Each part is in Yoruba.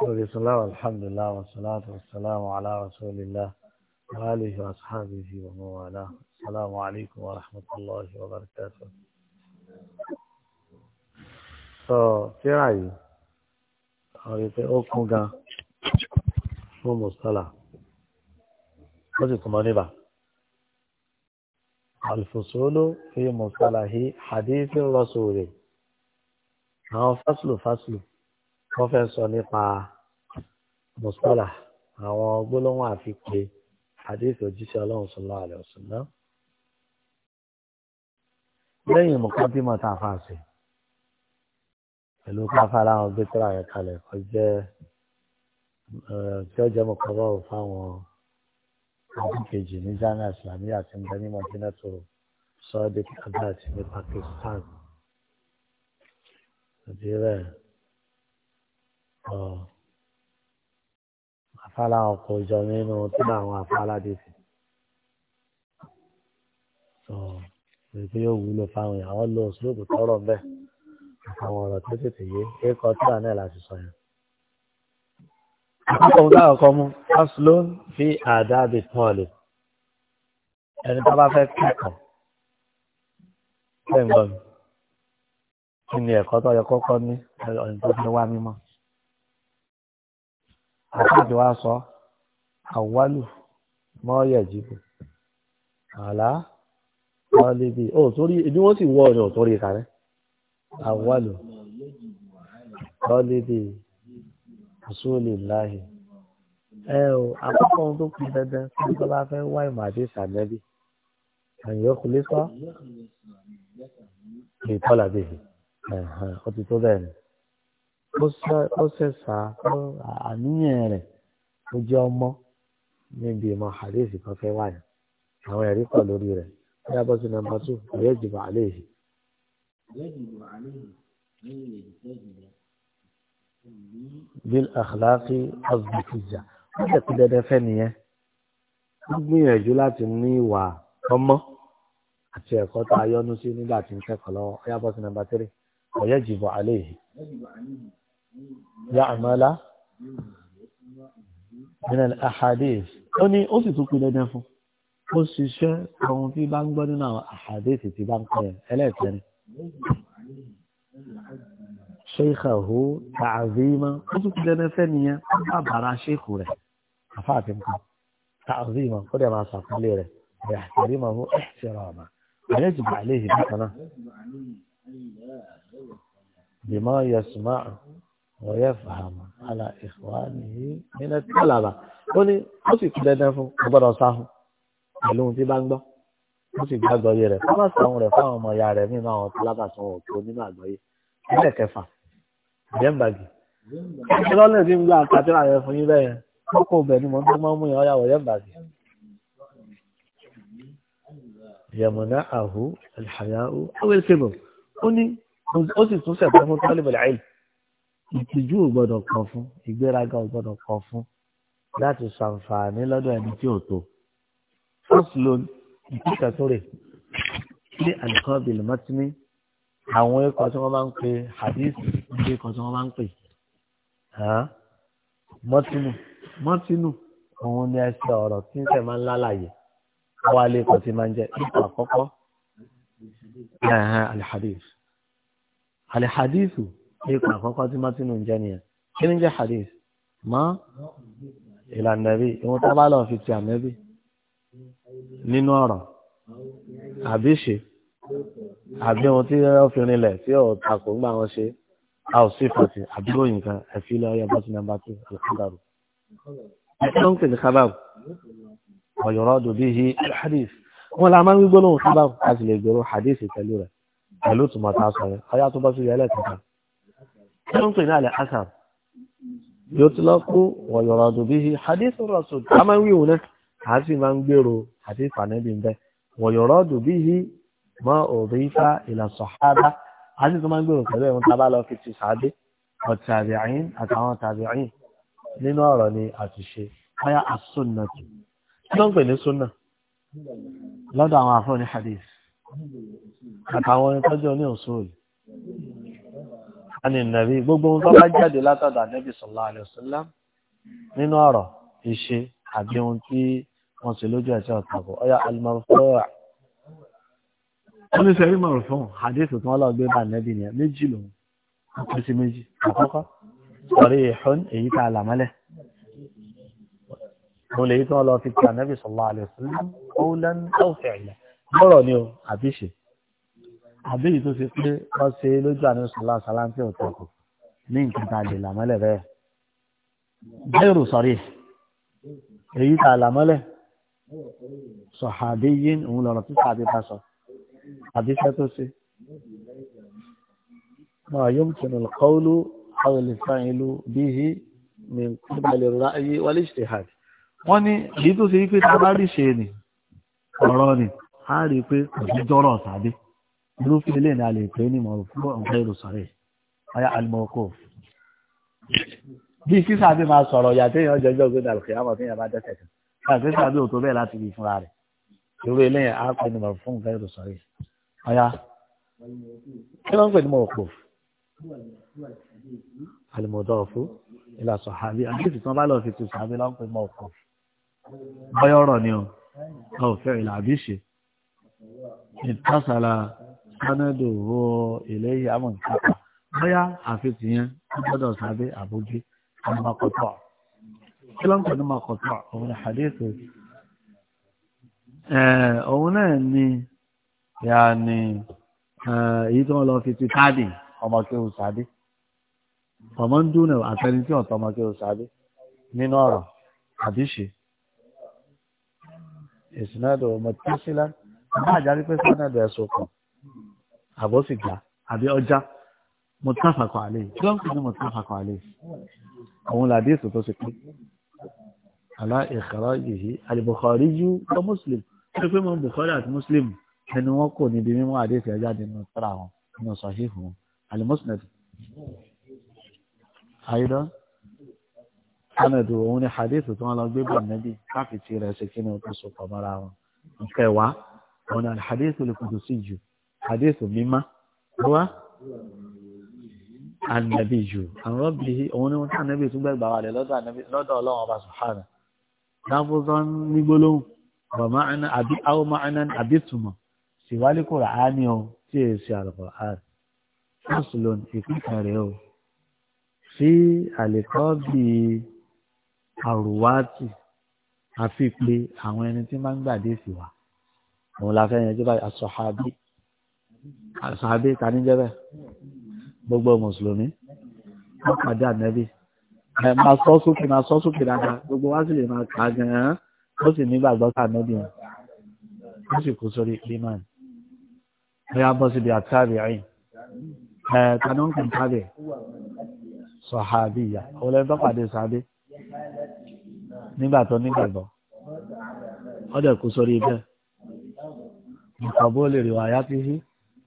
بسم الله والحمد لله والصلاة والسلام على رسول الله وآله وأصحابه ومن والاه السلام عليكم ورحمة الله وبركاته so tíra yìí ọ̀rẹ́ pé ó kún gan fún mùsọ́là ó sì kún mọ́ níbà alfusulu fi mùsọ́là hí hadith rọ́sùlẹ̀ àwọn fásilù fásilù wọ́n fẹ́ sọ nípa mùsọ́là àwọn gbólóhùn àfipe àdéhùn òjíṣẹ́ ọlọ́run sallallahu alaihi wasallam. lẹ́yìn mọ̀kàndínmọ̀ tá a fà sí pẹ̀lú káfárá àwọn gbẹ́tẹ́rà yẹn kalẹ̀ kọ́ jẹ́ eh, tí ó jẹ́ mọ̀kọ́rọ́ fáwọn ọdún kejì ní jamiu islamiyya àti nbẹ ní mọ̀jínẹ́tò sọ́ọ́dẹ́kì adáàtì ní Pakistan àfàlà ọkọ̀ ìjọ nínú tí àwọn àfàlà dé sí. pé yóò wúlò fáwọn èèyàn wọn lo òṣèlú tọrọ bẹ́ẹ̀ àwọn ọ̀rọ̀ tó tètè yé ẹ̀kọ́ tí wà náà láti sọ yẹn. àkókò ń dáhùn kọ́ mú aslo fi àdáàbì pọ́ọ̀lù ẹni tó bá fẹ́ kẹ́kọ̀ọ́ ṣé ń gbọ́ mi kí ni ẹ̀kọ́ tó yẹ kọ́kọ́ ní ẹni tó fẹ́ wá mímọ́ àtúntò wa sọ àwálù mọ́ọ̀yà jìbù àlá ọ̀lẹ́bí ó torí ibi wọ́n sì wọ ọ̀nà òtórí kàrẹ́ àwálù ọ̀lẹ́bí àsúlélàhì ẹ o àkọ́kọ́ ohun tó kù dandan kí ló bá fẹ́ wá ìmọ̀ àti ìsànẹ́bí àyìn ọkùnrin sọ ètò ọ̀làbẹ̀bẹ̀ ó ti tó bẹ́ẹ̀ ni ó ṣẹ̀ṣà àníyàn rẹ̀ ó jẹ́ ọmọ níbi ìmọ̀ àdéhìí kan fẹ́ wáyà àwọn ẹ̀rí pọ̀ lórí rẹ̀ bóyá bọ́ sí nàmbà tù ìyẹ́ ìdìbò àléhìí. bil akhlaqi azbikija wọ́n tẹ̀ kú dẹ́dẹ́ fẹ́ nìyẹn wọ́n gbìyànjú láti ní ìwà ọmọ àti ẹ̀kọ́ tá a yọnu sí nígbà tí ń kẹ́kọ̀ọ́ lọ́wọ́ ọyá bọ́ sí nàmbà tírì ọ̀yẹ́ ìdìbò àléhìí. yàmàlá minal ahadith ó ní ó sì tún pin dandan fún ó ṣiṣẹ́ ohun tí bá ń gbọ́ nínú àwọn ahadith tí bá ń pẹ́ yẹn ẹlẹ́ẹ̀kẹrin. ṣéèkàhó tààzímà ó tún pin dandan fẹ́niyẹn ó bá bàrà ṣéèkù rẹ̀ àfáà ti ń kọ́ tààzímà ó dẹ̀ máa ṣàkólé rẹ̀ ويحترمه احتراما ويجب عليه مثلا بما يسمع ويفهم على إخوانه من الطلبة وني أسي كده نفهم أبدا صاحب يلون تي بانبا أسي كده غير فما سامو رفعه ما يعرف من أو طلبة سو كوني ما غير إيه كيفا جنبك ìṣẹ́lọ́ lè dín gbà kàtírà yẹn fún yín bẹ́ẹ̀ kókò bẹ̀ ni mo tó máa ń mú ìyáwó yẹ́mbàgì yẹ̀mọ̀nà àhú alhàyáwó ó sì tún sẹ̀tọ́ fún tọ́lẹ̀bẹ̀lẹ̀ àìlì ìtìjú ò gbọdọ̀ kọ̀ fún ìgbéraga ò gbọdọ̀ kọ̀ fún láti ṣàǹfààní lọ́dọ̀ ẹni tí ò tó. fọ́sùlọ́n ìtìkà sórí ní àlùkọ́ bìlì mọ́tínì àwọn ikọ̀ tí wọ́n máa ń pè hadith ní ikọ̀ tí wọ́n máa ń pè mọ́tínù mọ́tínù òun ni ẹsẹ̀ ọ̀rọ̀ tí ń tẹ̀ máa ń lálàyé wọ́n á lé ikọ̀ tí máa ń jẹ́ ikọ̀ àkọ́kọ́ alhadith alhadithu ipò àkọ́kọ́ tí mọ́tínú ń jẹ́ nìyẹn kí ni jẹ́ hadith mọ́ ìlànà rí ìwọ̀n tó bá lọ fi ti àmẹ́bí nínú ọ̀rọ̀ àbí ṣe àbí ohun tí ó fi rinlẹ̀ tí ó takò ń gbà wọn ṣe a ò sí fàtì àbí ròyìn kan ẹ̀fí lọ yẹ bọ́sí nàmbà tó alùpàdàrú. ẹ̀sọ́ ń pè ní kábàbù ọ̀yọ̀rọ̀ dòbí hi hadith wọn la máa ń gbígbóná òun a sì lè gbèrò hadith pẹ̀lú rẹ̀ pẹ̀lú tùmọ̀ tá a tó bá sí yẹlẹ̀ kankan wọ́n ń pè ní àlẹ́ asar yóò ti lọ́kú wọ̀n yọ̀rọ̀ àdùn bí i hadith rasul a máa ń wíwò náà a sì máa ń gbèrò àti ìfànẹ́bí ń bẹ́ wọ̀n yọ̀rọ̀ àdùn bí i mọ́ òrí ifá ìlà sọ̀hábà a sì tún máa ń gbèrò pẹ̀lú ẹ̀hún tá a fi ti sàádé ọ̀tàbíàyín àtàwọn tàbíàyín nínú ọ̀rọ̀ ni àtúnṣe báyà àsúnà tù ló ń pè ní súnà lọ́dọ̀ àwọn àfọ́ hadith àtàwọn ẹni tọ́jú ní ani nàbí gbogbo ohun tó bá jáde látọ̀dọ̀ ànábì sallallahu alaihi wasallam nínú ọ̀rọ̀ ìṣe àbí ohun tí wọ́n sì lójú ẹ̀ṣẹ́ ọ̀tàkù ọ̀yà al-marfu' wọ́n ní sẹ́rí marfu' hadith tí wọ́n lọ gbé bá ànábì nìyẹn méjì lòun kò sí méjì àkọ́kọ́ sarihun èyí tá a là mọ́lẹ̀ mo lè tí wọ́n lọ fi ti àbí èyí tó ṣe pé wọ́n ṣe lójú àná sọlá sọlá ń tẹ̀ ọ̀tọ̀ kù ní nǹkan tá a lè làmọ́lẹ̀ bẹ́ẹ̀. bẹ́ẹ̀rù sọ̀rí èyí tá a làmọ́lẹ̀ sọ̀hàdé yín òun lọ̀rọ̀ tí tàbí bá sọ àbí fẹ́ tó ṣe. náà yóò tún lọ kọ́ọ́lù àwọn olùfẹ́ ìlú bíi mi nípa ilẹ̀ rọra ayé wálé ìṣèhàdì. wọ́n ní èyí tó ṣe wípé tá a bá rí ṣe ni ọ̀rọ̀ ni a rí i pé kò sí jọ́rọ̀ tàbí irúfẹ́ ilé ní a lè pè ní mọ̀rùfún ọ̀gá ìrùsọ̀rẹ̀ ọ̀yá alimọ̀kò bí sísá bí máa sọ̀rọ̀ ìyá tí èèyàn jẹjọ́ gbé dàrú kìlámọ̀ tí èèyàn bá dẹ́sẹ̀ kan káà sísá bí òtó bẹ́ẹ̀ láti fi fúnra rẹ̀ irú ilé yẹn á pè ní mọ̀rùfún ọ̀gá ìrùsọ̀rẹ̀ ọ̀yá kí ló ń pè ní mọ̀rùfò alimọ̀dọ́fù ilà sọ̀hábí àdéhùn bá lọ sánádò wọ ilé yàmù nkápá bóyá àfitì yẹn ó gbọ́dọ̀ sábẹ́ àbójú àmàkọtọ kí ló ń pè ní màkọtọ òun ní hadith òun náà ni yaani èyí tí wọn lọ fi ti táàdì ọmọ kéwù sáadé ọmọ ń dúnà àtẹni tí ọ̀tọ̀ ọmọ kéwù sáadé nínú ọ̀rọ̀ àdíṣe ìsìnàdọ̀ ọmọ tí ó sílá bá àjárí pé sánàdọ̀ ẹ̀sùn kan àbọ̀sìgbà àbí ọjà mọ̀tàfàkọ̀ àlẹ́ yìí kí wọ́n pè ní mọ̀tàfàkọ̀ àlẹ́ yìí àwọn làdí èso tó ṣe pé àlá ìkàrọ̀ yìí àlìbùkọ̀rí yú lọ mùsùlùm ṣé pé mo bùkọ́rí àti mùsùlùm ẹni wọn kò níbi mímú àdé ìfẹ́ jáde nínú tírà wọn nínú sọ̀híhù wọn àlìmùsùlùm àyídọ́ sanadu òun ni hadith tí wọn lọ gbé bọ̀ nẹ́bí káfíńtì rẹ̀ ṣe kí ni o tó so pọ̀ mọ́ra wọn nkẹwàá òun ni alhadith olùkùdùsí jù hadith mímá wá ànàbí jù àwọn ọ̀bí òun ni wọ́n tí ànàbí tún gbẹ̀gbà wà lẹ̀ lọ́dọ̀ ọlọ́run ọba sùhánà dáfúzọ́ ní gbólóhùn bàmáàna àbí àwòmáàna àbí túmọ̀ síwálé kò rà á ní ọ tí èyí ṣe àlùkò àrẹ mùsùlùm ìpínlẹ̀ rẹ̀ o sí àlèkọ́ bíi àrùwátì àfi pé àwọn ẹni tí máa ń gbàdé sí wa òun la fẹ́ yẹn jẹ́ báyìí àṣọ àṣàbí tanijẹ́bẹ̀ gbogbo mùsùlùmí wọ́n pàdé Ẹ ẹ̀ máa sọ sókè máa sọ sókè dáadáa gbogbo wa sì lè máa kà á gan-an ó sì nígbàgbọ́ sí ànẹ́bí wọn ó sì kú sórí imán ẹ̀ bọ́ síbi àtàrí ẹ̀yìn ẹ̀ tani ó ń kàn tàbí sọ̀hábì ìyá ọlẹ́ni tó pàdé sàbí nígbà tó nígbàgbọ́ ọ̀dẹ̀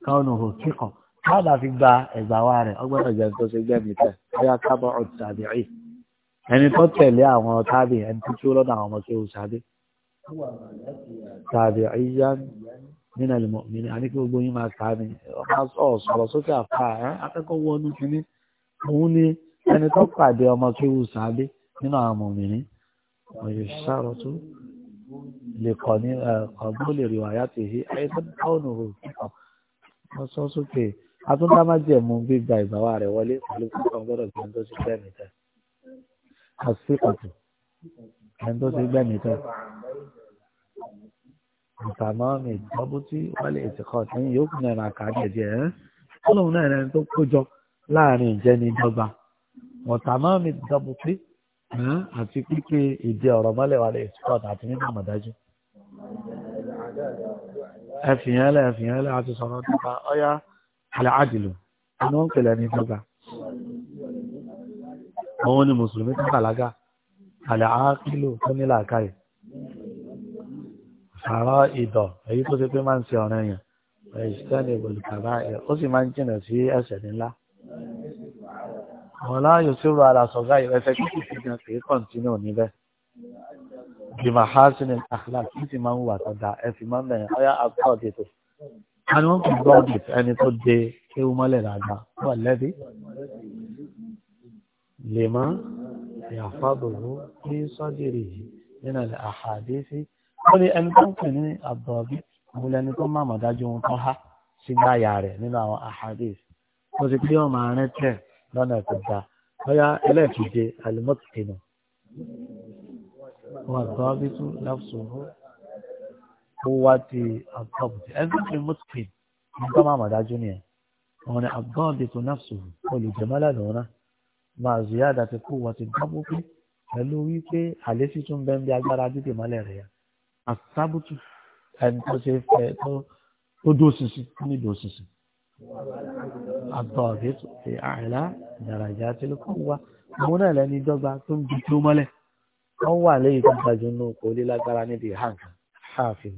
kọ́nùhù kíkọ̀ káàdà fi gba ẹ̀gbà wa rẹ̀ ọgbọ́dọ̀ jẹ́ tó ṣe gbẹ̀mí tẹ̀ bóyá kábọ̀ ọ̀tún tàbí ẹ̀ ẹni tó tẹ̀lé àwọn tábì ẹni tó tó lọ́dọ̀ àwọn ọmọ tó ṣàdé tàbí ẹ̀yán nínú ẹ̀lùmọ̀ mi ni a ní kí gbogbo yín máa kàá mi ọ̀sọ̀rọ̀ sókè àfà ẹ̀ akẹ́kọ̀ọ́ wọnú kínní òun ni ẹni tó pàdé ọmọ tó ṣàdé nínú àwọn ọmọ mi ni ọ̀yọ̀ ṣàrọ̀ tó lè kọ̀ ní ọ̀gbọ́n lè rí wàyà tèhí ẹ̀yẹ́ tó dáwọn òhùn kíkọ̀ wọ́n sọ sókè atúndámájẹ̀mú gbígba ìgbàwá rẹ̀ wọlé pẹ̀lú kíkan gbọ́dọ̀ kí n tó ti gbẹ̀mí tẹ̀ àsìkò ẹni tó ti gbẹ̀mí tẹ̀ ìtàmọ́ mi ìdọ́bù tí wọ́n lè ti kọ́ tẹ́yìn yóò kún ẹ̀rọ àkàdé díẹ̀ ẹ́ kọ́lọ́hún náà ẹni tó kójọ láàrin ìjẹni dọ́gba ọ̀tàmọ́ mi ìdọ́bù tí àti pípé ìdí ọ̀rọ̀ mọ́lẹ̀ wà lè ti kọ́ àti nínú àmọ̀dájú ẹfìyànlẹ̀ ẹfìyànlẹ̀ àti sọ̀rọ̀ nípa ọyá aláàdìlù inú ń pèlẹ̀ ní gbogbo àwọn ni mùsùlùmí tó bàlágà aláàkìlù tó ní làákàyè sàárọ̀ ìdọ̀ èyí tó ṣe pé máa ń ṣe ọ̀rẹ́ yẹn ẹ̀ṣẹ́ni ìbòlùkàbá ẹ̀ ó sì máa ń jìnà sí ẹ̀ṣẹ̀ ńlá wọn láàyò sírò àlàsọ̀gá ìrẹsẹ̀ kíkì sí gan kì í kọ̀ǹtínú níbẹ̀ bima hasin al-akhlaq kí sì máa ń wà tó dáa ẹ fi máa ń bẹ̀rẹ̀ ọyá àgbà òde tó a ní wọ́n kì í gbọ́ òde ẹni tó de kéwú mọ́lẹ̀ dáadáa wà lẹ́bi lè má yàfàbòrò ní sọ́jìrì yìí nínú ilẹ̀ àhàdésí ó ní ẹni tó ń pè ní àbọ̀bí òun lẹni tó máa mọ̀dájú ohun tó há sí gbáyà rẹ̀ nínú àwọn àhàdésí ó ti pé ọmọ arìn tẹ̀ lọ́nà tó dáa ọyá ẹlẹ́ẹ̀kejì alimọ́tìkìnà والضابط نفسه قوة الضبط الضبط المتقن طبعا ما داجونية هنا الضابط نفسه كل جمال هنا مع زيادة قوة الضبط pẹ̀lú wípé àlésì tún bẹ́ẹ̀ bí agbára dídè mọ́lẹ̀ rẹ̀ yá àsábùtù ẹni tó ṣe fẹ́ tó tó dó sísì ní dó sísì àtọ̀ọ̀dẹ́tù ṣe àìlá ìdàràjà àti lókùn wa òun náà lẹni dọ́gba tó ń bi tó mọ́lẹ̀ wọ́n wà lẹ́yìn tó gbajù ní oko ilé lágbára níbi hank hafi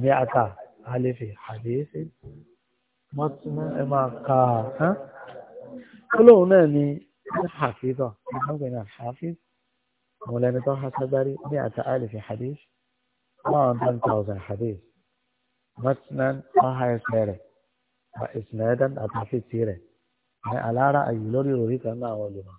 ní ata alefe àdéhẹ́sẹ́ mọ́túnú ẹ máa ka hàn olóhùn náà ni hafizọ ìgbàgbẹ́ náà hafiz àwọn ẹni tó hàn ságbárí ní ata alefe hadith one hundred thousand hadith mọ́túnú ọ̀hà ẹsẹ̀ rẹ̀ ẹsẹ̀ rẹ̀ dán àtàfẹ́ tirẹ̀ ní alára àyè lórí òrí náà wọ́n lò náà.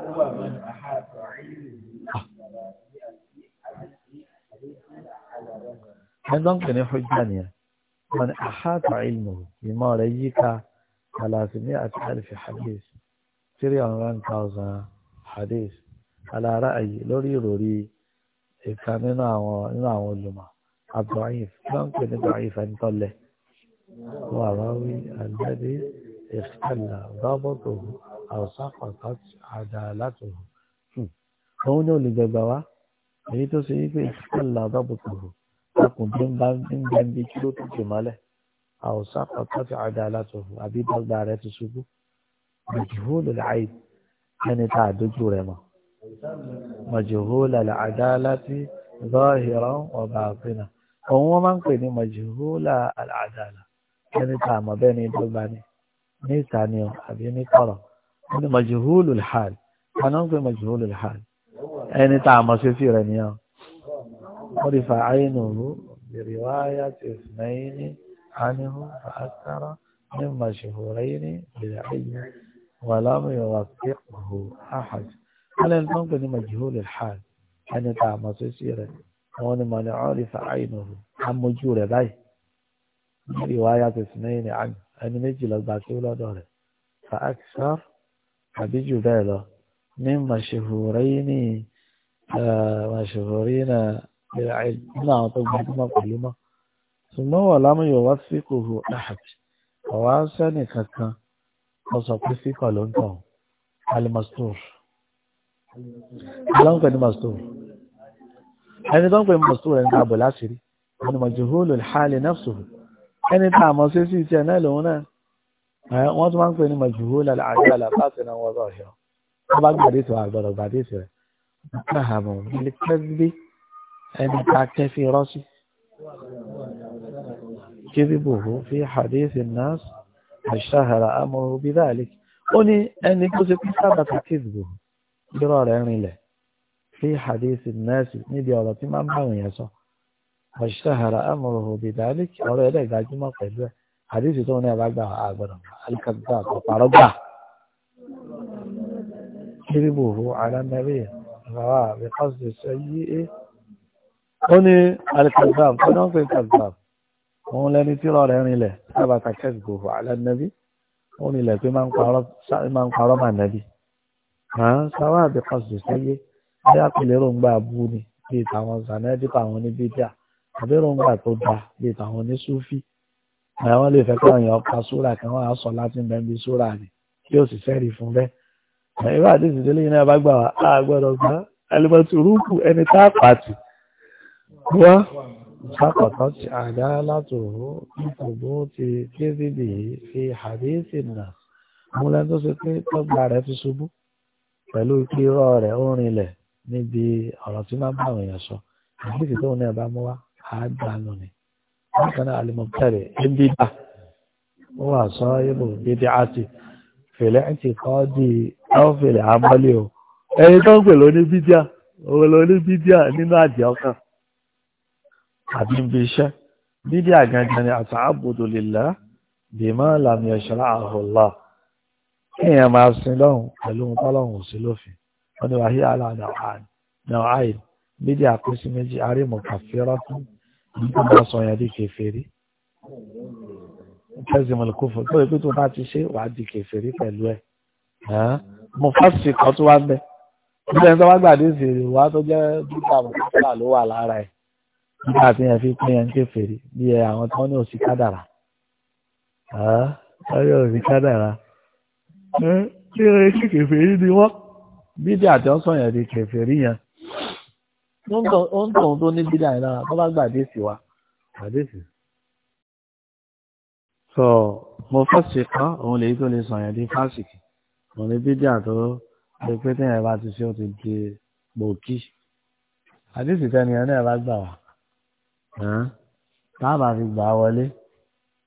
ẹ̀dọ́n pè ní hujja nìyẹn wọn ni àhàtà ìlmù ìmọ̀ rẹ̀ yíká àlàáfíà àti àlìfẹ́ hadith three hundred thousand hadith alára ayé lórí ìròrí ìka nínú àwọn nínú àwọn olùmọ̀ abdu'if ẹ̀dọ́n pè ní abdu'if ẹni tọ́lẹ̀ wàráwí àlẹ́bí ìṣẹ̀lẹ̀ rọ́bọ̀tò àwòsàkọ̀tà àdàlátò òun ni olùgbẹ̀gbà wa èyí tó ṣe yí pé ìṣẹ̀lẹ̀ rọ́bọ̀tò okùn tí ń bá ń bẹ níbi kí ló tó tè mọ́lẹ̀ àwòsá pàtó ti àdá alátòfò àbí dọ́gba rẹ̀ ti ṣubú mọ̀jùhólù làáyé ẹni tá a dójú rẹ̀ mọ̀ mọ̀jùhólù làádá láti lọ́ọ̀hìrán ọba àpinà òun wọ́n máa ń pè ní mọ̀jùhólù àdá ẹni tá a mọ̀ bẹ́ẹ̀ ni dọ́gba ni ní ìtànìyàn àbí ní kọ̀rọ̀ wọ́n ní mọ̀jùhólù làhàl ẹni tá a mọ̀ sí sí rẹ̀ nìyẹn. ورفع عينه برواية اثنين عنه فأكثر من مشهورين بالعلم ولم يوثقه أحد على المنقل مجهول الحال أن تعمى سيرة وأن من عرف عينه عن مجهول به رواية اثنين عنه أن نجل الباكولة دوله فأكثر أبي جبالة من مشهورين آه مشهورين ìlà ìlú nínú àwọn tó gbajúmọ̀ pẹ̀lú náà ṣùgbọ́n wọ̀ lámúyọ̀ wá fíkò hù ahad ọ̀wá sẹ́nì kankan mo sọ pé fíkọ̀ ló ń tàn alimastor aláwọ̀ pẹ̀lú mastor ẹni tó ń pè mastor ẹni tàbí láṣìírí ẹni mọ̀jùhólò hàlì nafsuhu ẹni tá a mọ̀ sí sí iṣẹ́ náà lòun wọ́n tún máa ń pè ní mọ̀jùhólò àjálà láti náà wọ́n bá ọ̀ṣọ́ wọ́n bá gbàdé tó àgbọ̀dọ̀ gbàdé tó rẹ̀ أن في رأسه كذبه في حديث الناس اشتهر أمره بذلك أني أني يكون ثبت كذبه جرار يعني له في حديث الناس نبي الله ما معه يسوع واشتهر أمره بذلك أولا إليك ذلك ما قيل قلبه حديث توني بعد أعبر الكذاب وطرده كذبه على النبي رواه بقصد السيء ó ní alikazam tó náà ń pè kazam òun lẹni tí rọrẹ rinlẹ̀ sábà kàkẹ́sì gbòòfò alẹ́nẹ́bí ó rinlẹ̀ pé máa ń parọ́ mà nẹ́bí máa ń sáwọ́ àbíkọ́sì sáyé bí àpilẹ̀ rògbà bú ni bíi tàwọn zanẹ́díkọ̀ àwọn oníbídíà àbí rògbà tó da bíi tàwọn onísúfì àwọn lè fẹ́ káwọn èèyàn ka súrà kí wọ́n á sọ láti mẹ́bí súrà ni kí ó sì sẹ́rì fún bẹ́ẹ̀. ìwádìí ìdílé yìí náà bá gbà wá àgbọ̀dọ̀ gbà ẹlẹ́mọ̀tì rúkù ẹni tá a pàtì wá سقطت عدالته في ثبوت كذبه في حديث الناس àwọn ẹni tó ṣe pé tọ́gbà rẹ̀ fi ṣubú pẹ̀lú ikú irọ́ rẹ̀ ó rinlẹ̀ níbi ọ̀rọ̀ tí máa ń bá àwọn èèyàn sọ àbíkì tóun náà bá mú wá àádánù ni bákan náà alimọ̀tẹ́rẹ̀ ẹ̀ńdídà ó wà sọ ibò dídí àti fèlè ẹ̀ǹtì kọ́ di ọ́fèlè àmọ́lé o ẹni tó ń pè lóní bídíà òun bídíà nínú àjẹ́ ọkàn àbí ń bí iṣẹ́ bídí àgangan ni àtàbùdù lillah bima lam yashra'ahu Allah kéèyàn máa sin lọ́hùn pẹ̀lú ohun tọ́lọ́hùn ò sí lófin wọ́n ní wàhí àlà náà àìn bídí àkóso méjì arímù kàfírọ́tún ní kí wọ́n sọ yẹn di kèfèrí kẹ́sìmọ̀ lè kó fún tó ìpín tó bá ti ṣe wàá di kèfèrí pẹ̀lú ẹ̀ mo fásitì kan tó wá ń bẹ ẹni tó wá gbàdé ìsèrè wá tó jẹ́ bíbá àmọ́ ló wà lára ẹ̀ nígbà tí yẹn fi pín yẹn ń kèfèrí bí ẹ àwọn tó ní òsì kádàrà wọ́n ní òsì kádàrà kí ẹ kí kèfèrí ni wọ́n bídí àti ọ̀sán yẹn di kèfèrí yẹn ó ń tọ̀hún tó ní bídí àyìn tó bá gbà sí wa gbàdé sí. sọ mo fásitì kan òun lèyí tó lè sọ yẹn di fásitì òun ní bídí àtọ́ pé pété yẹn bá ti ṣe ó ti di gbòókì àdéhùn tẹniyàn náà bá gbà wá táàbà fi gbà wọlé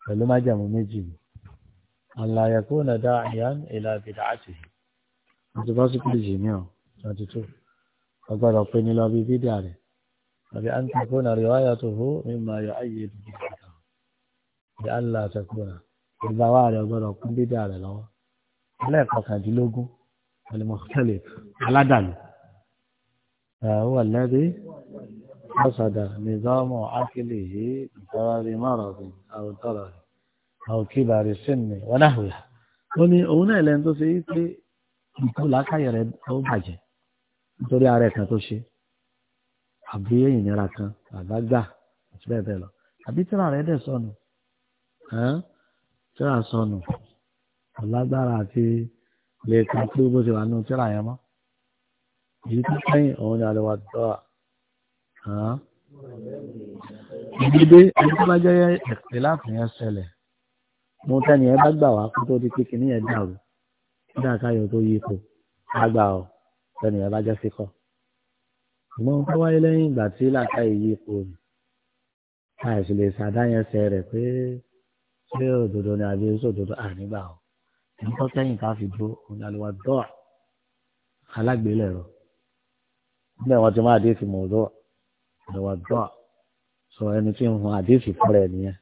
pẹ̀lú májàmú méjì ni àlàyékó nàdá àyàn ìlà àbìdá àti àti pásítì jìnnìọ twenty two ọgbọ́dọ̀ pé ní lọ bí fídíà rẹ̀ àbí àǹtàkó nà rí wáyà tó hó mímọ ayọ̀ ayé ìdíjì kàkà bí àlà àtẹkù nà ìgbà wà rẹ̀ ọgbọ́dọ̀ kún fídíà rẹ̀ lọ́wọ́ ẹlẹ́ẹ̀kọkàndínlógún ẹlẹ́mọ̀tẹ́lẹ̀ aládàlú. هو الذي حسد نظام عقله بسبب مرض أو ضرر أو كبر السن ونحوها وني أونا لين تسي في كل خير أو حاجة nítorí ara ẹ̀kan tó ṣe àbí ìnira kan àbágbà àti bẹ́ẹ̀ bẹ́ẹ̀ lọ àbí tíra rẹ̀ dẹ̀ sọnù tíra sọnù ọ̀lágbára àti lè ka pé bó ṣe wà nù tíra yẹn mọ́ èyí tó kẹ́yìn òun ni àlewà dọ́à ìdílé ẹni tó bá jẹ́ ẹ̀pẹ́ láti yẹn ṣẹlẹ̀ mo tẹ́ni ẹ bá gbà wá kó tó di pé kìíní yẹn dàrú nígbà káyọ̀ tó yí ipò á gbà ọ́ tẹ́ni ẹ bá jẹ́ síkọ́ ṣùgbọ́n tó wáyé lẹ́yìn ìgbà tí làákàyè yí ipò rẹ̀ àìsí lè ṣàdáyẹnsẹ rẹ̀ pé ṣé òdodo ni àbí oṣù òdodo ànígbà ọ́ ẹni tó kẹ́yìn ká fi dúró òun ni àlùwà dọ́ọ̀ alágbèélẹ̀rọ nígbà wọn ti máa dé fi mọ̀ ọ́ ẹ̀wà dọ́à sọ ẹni tí ń hun àdéhìí fúnra ẹ̀ nìyẹn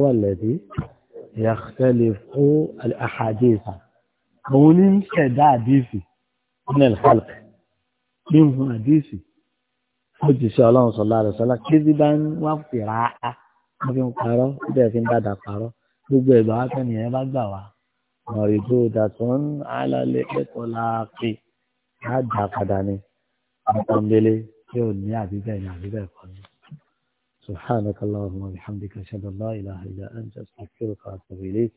wọ́n lẹ̀dí ìyàtẹ̀lẹ̀ fún àhàdéhìí òun ní ń ṣẹ̀dá àdéhìí nínú ìfọ̀lẹ̀ ní ń hun àdéhìí ó ti ṣe ọlọ́run sọ̀lá rẹ̀ sọ́lá kébí bá ń wá fìrà á wọ́n fi ń parọ́ bẹ́ẹ̀ fi ń dàdà parọ́ gbogbo ìgbà wá fẹ́ni ẹ̀ bá gbà wá ọ̀rọ̀ ìdó dàtún alálẹ́ ẹ̀kọ́ láàpẹ́ á dà padà ní ọ̀tọ̀ǹbẹ̀lẹ̀ يوني عبيبين عبيبين سبحانك اللهم وبحمدك أشهد أن لا إله إلا أنت أستغفرك وأتوب إليك